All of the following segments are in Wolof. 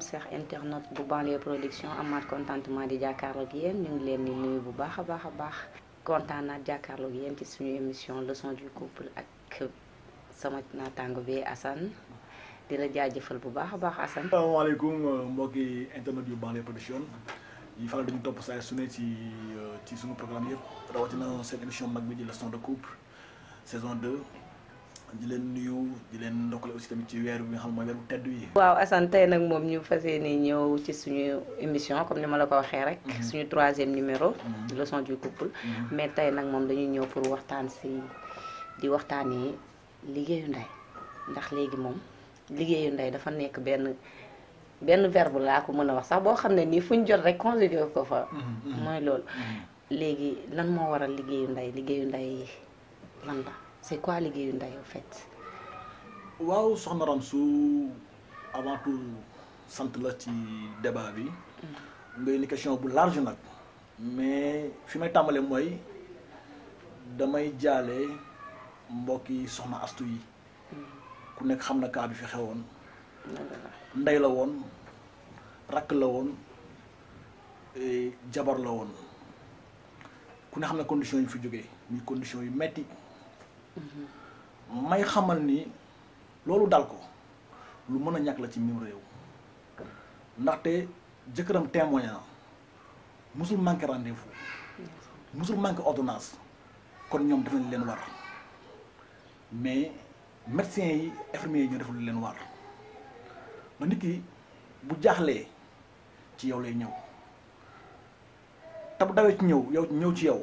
suis un internet bu banlieue production amaat contentement di ak ñu nuyu bu baax content émission leçon du couple ak sama bi Assane di la bu baax euh, mbokki internet banlieue production yi ci euh, ci suñu programme émission leçon de couple saison 2. di nuyu di leen weer bi nga xam waaw Assane tey nag moom ñu fas yéene ñëw ci suñu émission comme ni ma la ko waxee rek. Mhm. suñu troisième numéro. le mhm. leçon du couple. Mhm. mais tey nag moom dañuy ñëw pour waxtaan si di waxtaanee liggéeyu ndey ndax léegi moom liggéeyu ndey dafa nekk benn. benn verbe laa ko mën a wax sax boo xam ne nii fu ñu jot rek conjugué ko fa. mooy loolu. léegi lan moo waral liggéeyu ndey liggéeyu ndey lan la. c'est quoi liggéeyu ndey en fait. waaw soxna Ramsu avant tout sant la ci débat bi. Mm. nga indi bu large nag. mais fi may tàmbalee mooy damay jaale mbokki soxna astu yi. Mm. ku nekk xam na kaa bi fi xewoon. ndey la woon rakk la woon jabar la woon ku ne xam ne condition yi fi jógee muy condition yu metti may xamal ni loolu dal ko lu meuna ñak la ci mim rew ndaxte jëkkëram témoin na musul manqué rendez-vous musul manqué ordonnance kon ñom def nañ leen war mais médecins yi infirmiers ñu ñoo deful leen war ma nit ki bu jaxlé ci yow lay ñëw ta bu dawee ci ñew yow ñew ci yow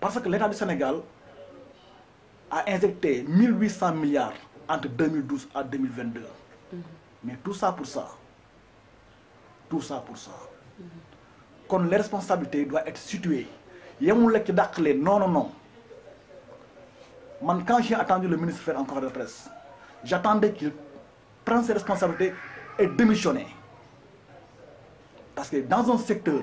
parce que l'État du Sénégal a injecté 1800 milliards entre 2012 à 2022 mhm. mais tout ça pour ça tout ça pour ça Quand les responsabilités doivent être situées ci non non non quand j'ai attendu le ministre faire encore la de presse j'attendais qu'il prenne ses responsabilités et démissionne parce que dans un secteur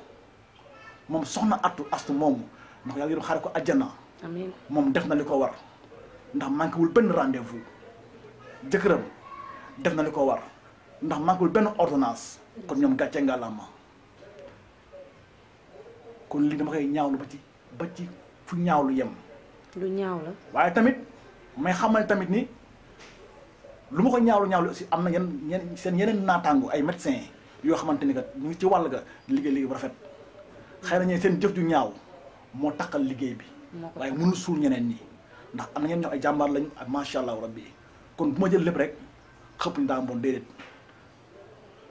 mom soxna atu astu tu ndax yalla yërëm xaare ko àjjana amiin def na liko war ndax manki wul ben rendez-vous jeukeram def na liko war ndax manki wul ben ordonnance kon ñoom gàcce ngalaama kon li dama kay ñaawlu ba ci ba ci fu ñaawlu yam lu ñaaw la tamit may xamal tamit ni luma ko ñaawlu ñaawlu aussi amna na yenn yenn yeneen natangu ay médecin yo xamanteni ni ñu ci wàll ga liggéey rafet xëy na ñeen seen jëf ñaaw mo takal liggéey bi waye mënu suul ñeneen ni ndax am na ñeen ñoo ay jambar lañ ak sha allah rabbi kon buma jël lepp rek xëpp ndam daa bon déedéet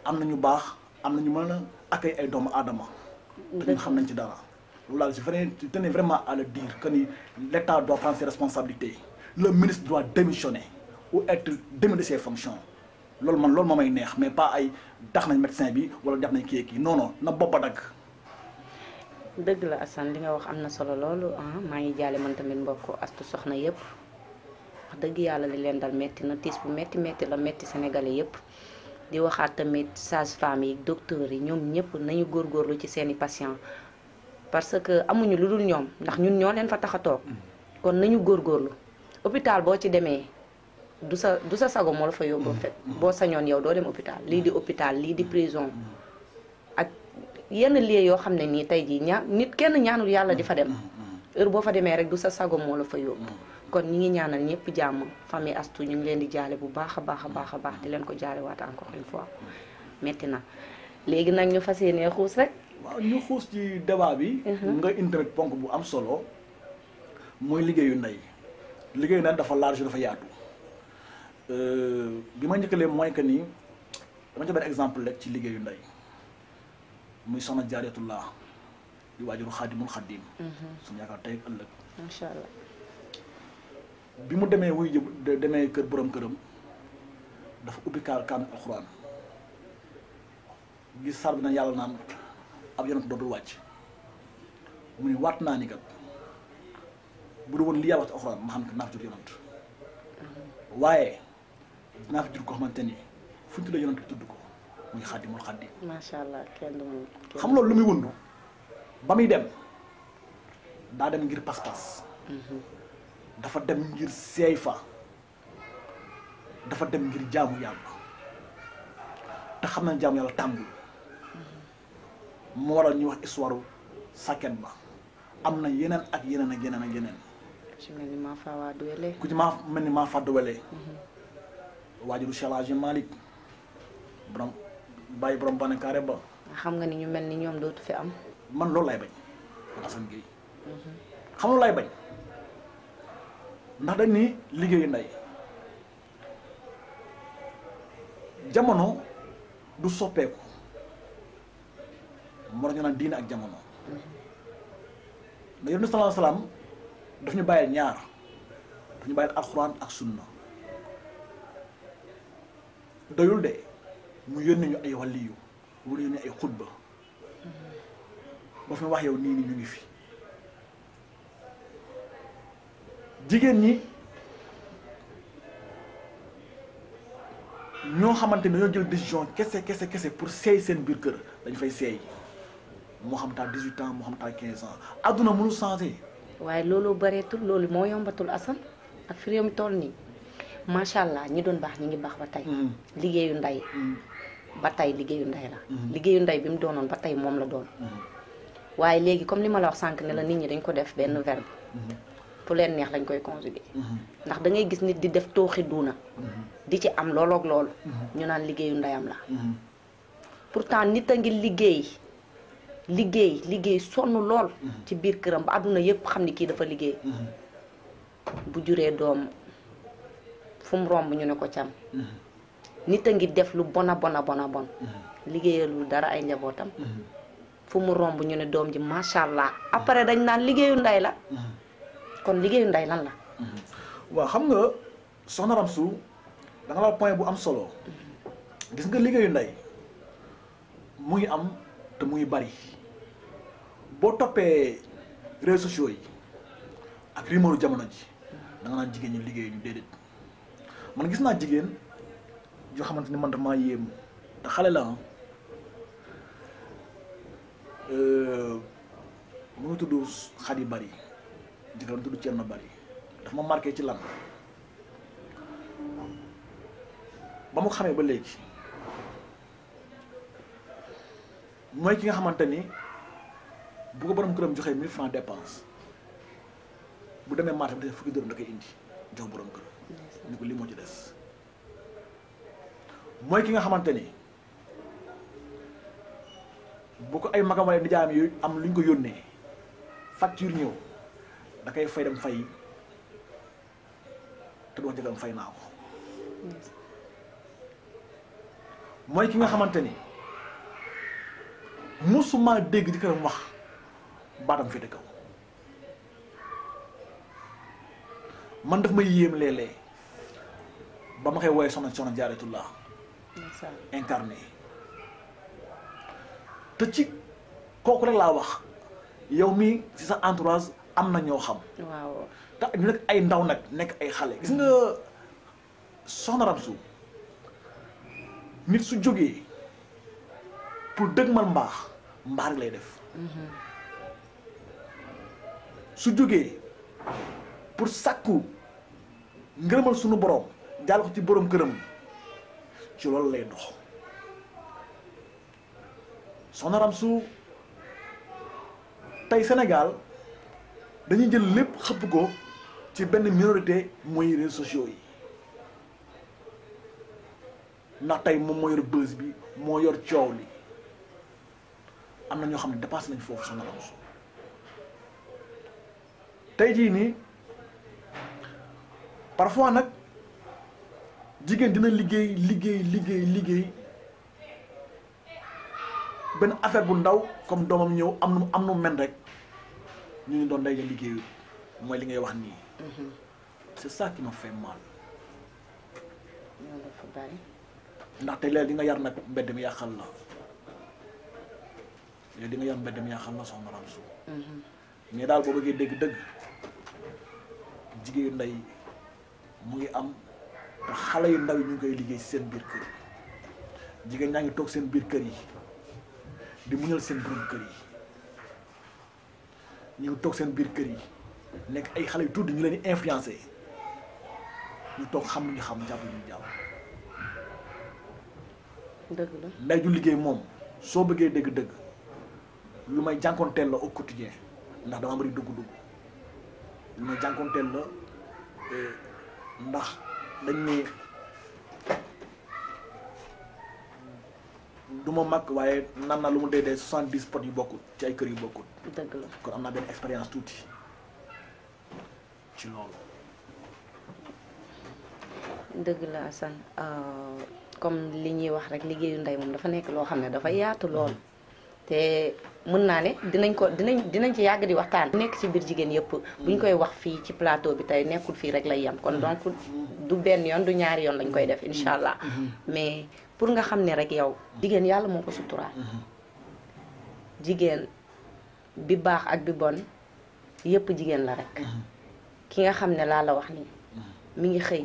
am na ñu baax am na ñu mën a ay doomu adama te ñun xam nañ ci dara loolu daal je tenais vraiment à le dire que ni l'État doit prendre ses responsabilités le ministre doit démissionner ou être démis de ses fonctions loolu man loolu ma may neex mais pas ay tax nañ médecin bi wala def nañ kii kii non non na bopp dag dëgg la Assane li nga wax am na solo loolu ah, maa ngi jaale man tamit mbokk astu soxna yëpp dëgg yàlla li leen dal metti na tiis bu metti metti la metti sénégalais yëpp di waxaat tamit sage-femme yi docteurs yi ñoom ñëpp nañu góor góorlu ci seeni patient parce que amuñu lu dul ñoom ndax ñun ñoo leen fa tax a toog mm. kon nañu góor góorlu hôpital boo ci demee du sa du sa sago moo la fa yóbbu mm. fet boo sañoon yow doo dem hôpital lii di hôpital lii di prison mm. yenn lieu yoo xam ne nii tey jii ñaa nit kenn ñaanul yàlla di fa dem heure boo fa demee rek du sa sago moo la fa yóbbu kon ñi ngi ñaanal ñëpp jàmm famille Astou ñu ngi leen di jaale bu baax a baax a baax a baax di leen ko jaale waat encore une fois metti na léegi nag ñu fas yéenee xuus rek waaw ñu xuus ci débat bi uh-huh. nga indi tamit ponk bu am solo mooy liggéeyu ndey liggéeyu ndey dafa large dafa yaatu euh, bi ma njëkkalee mooy que ni dama ci benn exemple rek ci liggéeyu ndey muy soxna jaariyatullah di waajuru xaadimul xaddim mhm. suñu yaakaar tey ëllëg bi mu demee wuy jë demee kër borom këram dafa ubbi kaanu alxuraan gis sar bi na yàlla naan ab yonent dootul wàcc mu ne waat naa ni kat bu du woon li yàlla wax ma xam ne naa jur yonent mhm. waaye naa fi jur ko xamante ni fu ñu tuddee yonent tudd ko muy xaadimul xaddi. macha allah kenn du xam loolu lu muy wundu ba muy dem daa dem ngir pas-pas. Mhm. dafa dem ngir seey fa dafa dem ngir jaamu yàlla te xam na jaamu yàlla tàmbul moo waral ñuy wax histoire sàkket ba am na yeneen ak yeneen ak yeneen ak yeneen. ku ci mel ni maa mel ni maa faa duwelee. Mhm. waajuru Cheikh Alaaji Malick bàyyi borom bana carré ba xam nga ni ñu melni ñom ñoom dootu fi am man loolu lay bañ Assane gi xam loolu lay bañ ndax dañ ni liggéeyu nday jamono du soppeeku mo ñu naan diina ak jamono ndax nah, yonent sallallahu alayhi wasallam daf ñu bayal ñaar ñu bayal alquran ak sunna doyul de mu yónni ñu ay waliyu mu yónni ay xutba ba fi wax yow nii nii ñu ngi fi jigéen ñi ñoo xamante ne dañoo jël décision kese kese kese pour seey seen biir kër dañ fay seey moo xam taa 18 ans moo xam taa 15 ans adduna mënu changé. waaye loolu bareetul loolu moo yombatul Assane ak fi réew mi toll nii macha allah ñi doon baax ñi ngi baax ba tey. liggéeyu ndey. ba tey liggéeyu ndey la. Mm-hmm. liggéeyu ndey bi mu doonoon ba tey moom la doon. Mm-hmm. waaye léegi comme li ma la wax sànq ne la nit ñi dañ ko def benn verbe. Mm-hmm. fu leen neex lañ koy conjugué. ndax da gis nit di def tooxi duuna. di ci am loolook loolu. ñu naan liggéeyu ndeyam la. pourtant nit a ngi liggéey liggéey liggéey sonn lool. ci biir këram ba àdduna yëpp xam ne kii dafa liggéey. bu juree doom fu mu romb ñu ne ko cam. nit a ngi def lu bona bona bona bon mhm. liggéeyalul dara ay njabootam mhm. fu mu romb ñu ne doom ji macha allah après dañ naan liggéeyu ndey la mhm. kon liggéeyu ndey lan la waaw xam nga soxna Ramsu da la point bu am solo gis nga liggéeyu ndey muy am te muy bari boo toppee réseaux sociaux yi ak rumeur jamono ji da naan jigéen ñu liggéeyu ñu déedéet man gis naa jigéen yoo xamante ni man daf maa yéem te xale la euh, mu ngi tudd Khady Bari jëkkëram tudd na Bari daf ma marqué ci lan ba mu xamee ba léegi mooy ki nga xamante ni bu ko borom këram joxee mille francs dépense bu demee marché bi dafay fukki dërëm da koy indi jox borom këram ni ko lii moo ci des mooy ki nga xamante ni boo ko ay magam wala nijaayam yu am lu ñu ko yónnee facture ñëw da koy fay dem fay te doo jëgam fay naa ko mooy ki nga xamante ni musuma dégg di këram wax baatam fi kaw man daf may yéem léeg-léeg ba ma koy woowee soxna soxna jaaratullah incarné te ci kooku rek laa wax yow mii ci sa entourage am na ñoo xam. waaw te ñu nekk ay ndaw nag nekk ay xale. gis nga soxna Ramsu nit su jógee pour dëgmal mbaax mbaax lay def. Mhm. su jógee pour sàkku ngërëmal sunu borom jàll ko ci borom këram. ci loolu lay dox soxna su tey Sénégal dañuy jël lépp xëpp ko ci benn minorité mooy réseaux sociaux yi ndax tey moom moo yor buzz bi moo yor coow li am na ñoo xam ne dépassé nañ foofu soxna Ramsu tey jii nii parfois nag. jigéen dina liguey liguey liguey liguey ben affaire bu ndaw comme domam ñew am nu am nu men rek ñu ñu don dajale liguey moy li ngay wax ni mhm. c'est ça qui m'a fait mal. ndax dafa bari. ndaxte léegi di nga yar nag mbedd mi yàqal la léegi di nga yar mbedd mi yàqal la soxna Ramsu. Mhm. mais dal bo bëggee dégg dëgg jigéen nday mu ngi am. te xale yu ndaw ñu koy liggéey seen biir kër yi jigéen ñaa ngi seen biir kër yi di muñal seen borom kër yi ñu ngi toog seen biir kër yi nek ay xale yu tudd ñu leen influencer ñu tok xam lu ñu xam jàpp ñu jàpp. deug la nday ju liggéey mom so bëggee deug deug lu may jankontel la au quotidien ndax dama bari dugg-dugg lu may jankontel la euh ndax. dañ ni du ma mag waaye naan naa lu mu dee dee soixante dix pot yu bokkul ci ay kër yu bokkul. dëgg la kon am naa benn expérience tuuti ci loolu. dëgg la Assane euh, comme li ñuy wax rek liggéeyu ndey moom dafa nekk loo xam ne dafa yaatu lool. te mën naa ne dinañ ko dinañ dinañ ci yàgg di waxtaan. nekk ci biir jigéen yëpp. buñ koy wax fii ci plateau bi tey nekkul fii rek lay yem kon mm-hmm. donc du benn yoon du ñaari yoon lañ koy def mm-hmm. incha allah. Mm-hmm. mais pour nga xam ne rek yow. jigéen yàlla moo ko suturaal. jigéen bi baax ak bi bon yëpp jigéen la rek. ki nga xam ne laa la wax nii mi ngi xëy.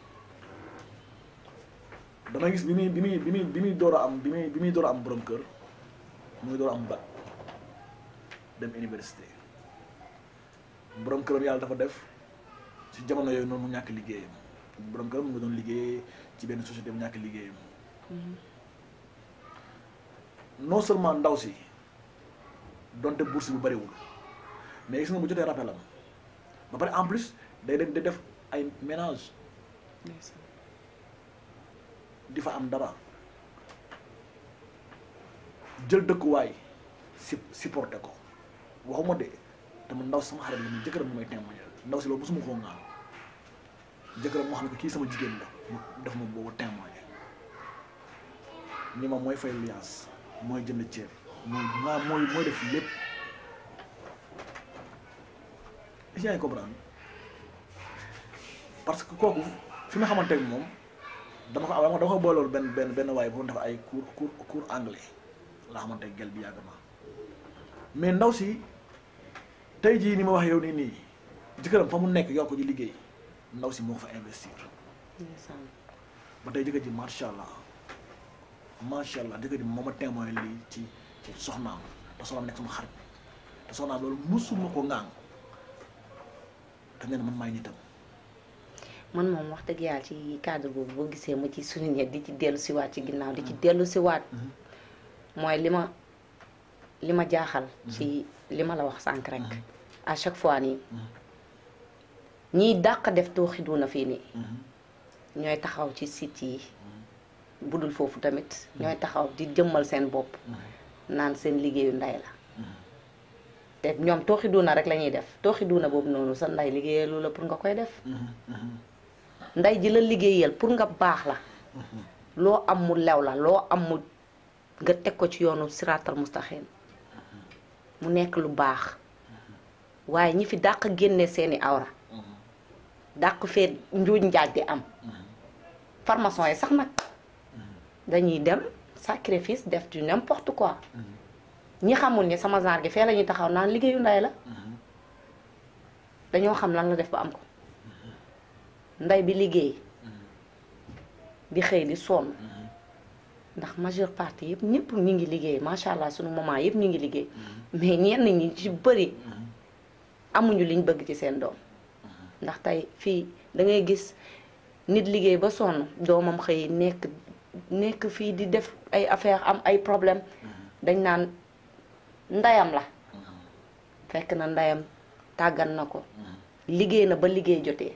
dama gis bi muy bi muy bi muy bi muy door a am bi muy bi muy door a am borom kër muy door a am ba dem université borom këram yàlla dafa def ci jamono yooyu noonu mu ñàkk liggéeyam borom këram mu nga doon liggéey ci benn société mu ñàkk liggéeyam mhm. non seulement ndaw si donte bourse bu bëriwul mais gis nga bu jotee rappelam ba pare en plus day dem day def ay ménage difa am dara jël dëkkuwaay si supporté ko waxuma de dama ndaw sama xarit la mu jëkkëram mu may témoignal ndaw ci lo musuma ko ŋaan jëkkëram mo xam ne kii sama jigéen la daf def ma boobu témoigné ni ma moy fay liance moy jënd ci moy maa moy moy def lépp yaa ko comprendre parce que koku fi nga xamanté mom dama ko am dama ko bolol ben ben ben way bu doon def ay cour cour cour anglais la xamante gel bi yàgg ma mais ndaw si tay ji ni ma wax yow ni ni jëkkëram fa mu nekk yor ko ji liggéey ndaw si mo fa investir. ba tay jëkkër ji machallah machallah macha di moma ji li ci ci soxna te soxna nek sama xarit te soxnaam loolu musuma ko ngang te nee na man maay nitam. man moom wax dëgg yàlla ci cadre boobu boo gisee ma ci souligner di ci dellu siwaat ci ginnaaw di ci mm-hmm. dellu siwaat mm-hmm. mooy li ma li ma jaaxal ci mm-hmm. li ma la wax sànq rek à chaque fois nii ñiy dàq def tooxi na fii nii ñooy taxaw ci sit yi bu dul foofu tamit ñooy taxaw di jëmmal seen bopp naan seen liggéeyu ndey la te ñoom tooxi na rek la ñuy def tooxi duuna boobu noonu sa ndey liggéeyalu la pour nga koy def nday ji la liggéeyal pour nga baax la loo am mu lew la loo am mu nga teg ko ci yoonu siraatal mustaxim mu nekk lu baax waaye ñi fi dàq génne seeni awra dàq fee njuuj njaaj di am farmason yi sax nag dañuy dem sacrifice def du n'importe quoi ñi xamul ni sama genre gi fee la ñuy taxaw naan liggéeyu nday la dañoo xam lan la def ba am ko nday bi liggéey mm-hmm. di xëy di sonn mm-hmm. ndax majeure partie yëpp ñëpp ñu ngi liggéey macha allah sunu maman yëpp ñu ngi liggéey mm-hmm. mais ñenn ñi ci bëri amuñu liñ bëgg ci seen doom ndax tey fii dangay gis nit liggéey ba sonn doomam xëy nekk nekk fii di def ay affaire am ay problème dañ naan ndayam la fekk na ndayam tàggat na ko liggéey na ba liggéey jotee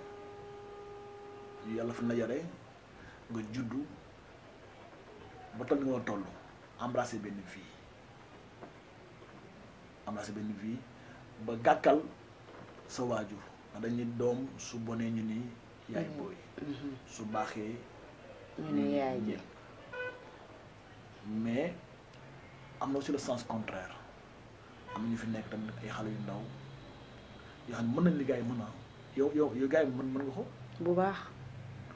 yàlla fi na yare nga juddu ba toll nga toll embrasser benn vie embrasser benn vie ba gàkkal sa waajur ndax dañuy doom su bonee ñu ni yaay mhm. booy mhm. su baaxee ñu ni yaay jël mais am na aussi le sens contraire am na ñu fi nekk tamit ay xale yu ndaw yoo xam mën nañ li mën a yow yow yow gars mën mën nga ko bu baax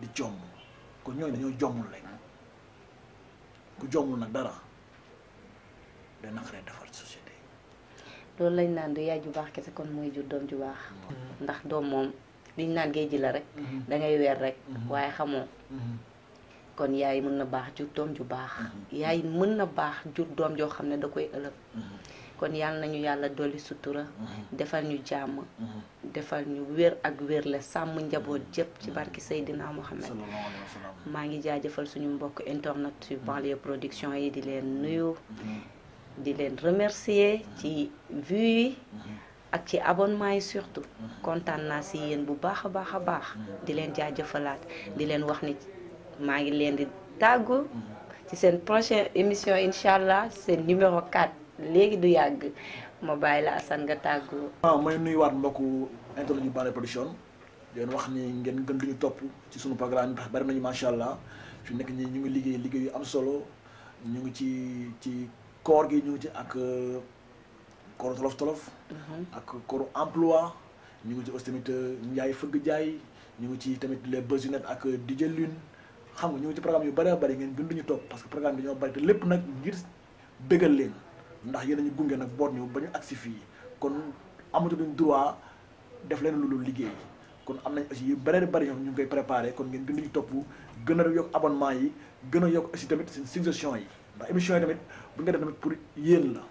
di jomm kon ñooñu dañoo jommul rek ku jommul nag dara da naqaree defar société loolu lañ naan du yaay ju baax kese kon mooy jur doom ju baax mm-hmm. ndax doom moom liñ naan géej ji rek mm-hmm. dangay weer rek mm-hmm. waaye xamoo kon yaay mën na baax jur doom ju baax yaay mën na baax jur doom joo xam ne da koy ëlëg kon yàlla nañu yàlla dolli sutura defar ñu jàmm defal ñu wër ak wër la sam njaboot jëpp ci barki Seydina mohammed maa ngi jaajëfal suñu mbokk internet yu banlieue production yi di leen nuyu mhm. di leen remercier ci vue yi mhm. ak ci abonnement yi surtout mhm. kontaan naa si yéen bu baax a baax a baax di leen jaajëfalaat di leen wax ni maa ngi leen di tàggu ci seen prochaine émission incha allah seen numéro 4 léegi du yàgg ma bàyyi la Assane nga tagu waaw ah, may nuy wat mbokku internet yu Balla Production di wax ni ngeen gën duñu top ci sunu programme tax bari nañu machallah fi nek ni ñu ngi liggéey liggéey yu am solo ñu ngi ci ci koor gi ñu ci ak koor tolof tolof. Mhm. ak koor emploi ñu ngi ci aussi ñay eh, njaay fëgg jaay ñu ngi ci tamit les besoins ak DJ Lune xam nga ñu ngi ci programme yu bari bari ngeen gën duñu top parce que programme bi ñoo bari te lepp nak ngir bëggal leen. ndax yéen ñu gunge nag boot ñu ba ñu agsi fii kon amatuñu droit def leen lu dul liggéey kon am nañ aussi yu bëree ñu ngi koy préparé kon ngeen bind ñu topp gën a yokk abonnement yi gën a yokk aussi tamit seen suggestion yi ndax émission yi tamit bu ngeen def tamit pour yéen la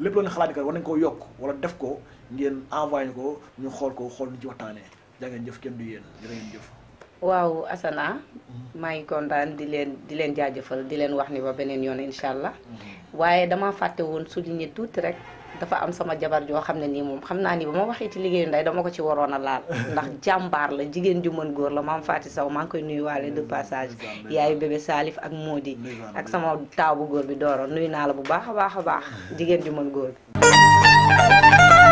lépp loo leen xalaat kat war nañ koo yokk wala def ko ngeen envoyé ko ñu xool ko xool ñu ci waxtaanee jaa ngeen jëf kenn du yéen jërë ngeen jëf. waaw Asana maa ngi kontaan di leen di leen jaajëfal di leen wax ni ba beneen yoon incha allah mm-hmm. waaye dama fàtte woon souligner tuuti rek dafa am sama jabar joo xam ne nii moom xam naa ni ba ma waxee ci liggéeyu ndey dama ko ci waroon a laal ndax jàmbaar la jigéen ju mën góor la maam Faati Saw maa ngi koy nuyuwaale de mm-hmm. passage yaayu bébé saalif ak Modi ak sama taaw góor bi dooroon nuyu naa la bu baax a baax a baax jigéen ju mën góor bi